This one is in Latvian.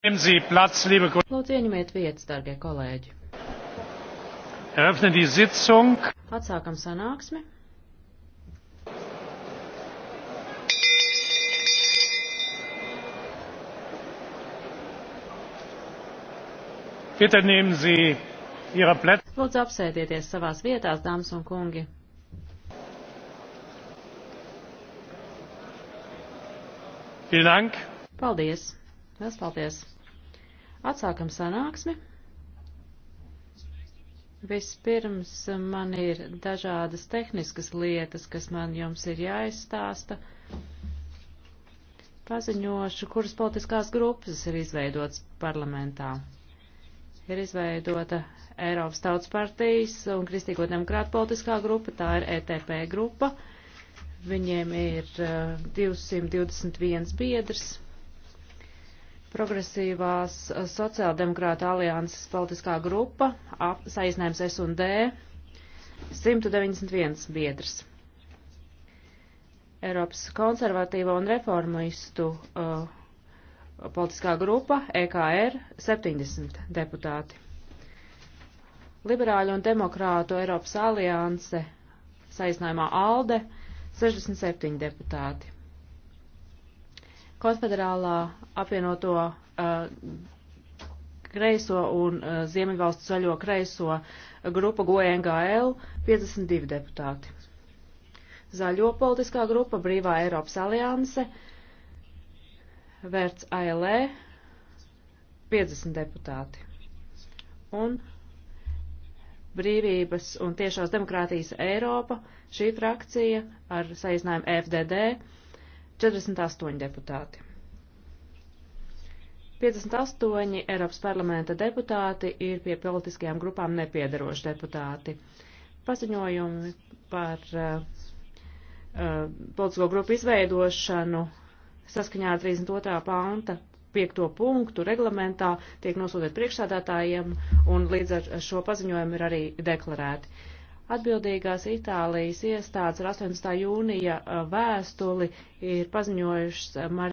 Lūdzu, ieņemiet vietas, darbie kolēģi. Atsākam sanāksmi. Lūdzu, apsēdieties savās vietās, dāmas un kungi. Paldies! Liels paldies! Atsākam sanāksmi. Vispirms man ir dažādas tehniskas lietas, kas man jums ir jāizstāsta. Paziņošu, kuras politiskās grupas ir izveidotas parlamentā. Ir izveidota Eiropas Tautas partijas un Kristīgo demokrātu politiskā grupa, tā ir ETP grupa. Viņiem ir 221 eh, biedrs. Progresīvās eh, sociāldemokrāta alianses politiskā grupa, ap, saīsinājums S un D, 191 biedrs. Eiropas konservatīvo un reformistu uh, politiskā grupa, EKR, 70 deputāti. Liberāļu un demokrātu Eiropas alianse, saīsinājumā ALDE, 67 deputāti. Konfederālā apvienoto uh, kreiso un uh, Ziemeļvalstu zaļo kreiso grupa GONGL e 52 deputāti. Zaļo politiskā grupa Brīvā Eiropas alianse vērts ALE 50 deputāti. Un Brīvības un tiešās demokrātijas Eiropa šī frakcija ar saīsinājumu FDD 48 deputāti. 58 Eiropas parlamenta deputāti ir pie politiskajām grupām nepiedaroši deputāti. Paziņojumi par uh, uh, politisko grupu izveidošanu saskaņā ar 32. panta 5. punktu reglamentā tiek nosūtīti priekšsādātājiem un līdz ar šo paziņojumu ir arī deklarēti. Atbildīgās Itālijas iestādes ar 18. jūnija uh, vēstuli ir paziņojušas. Uh,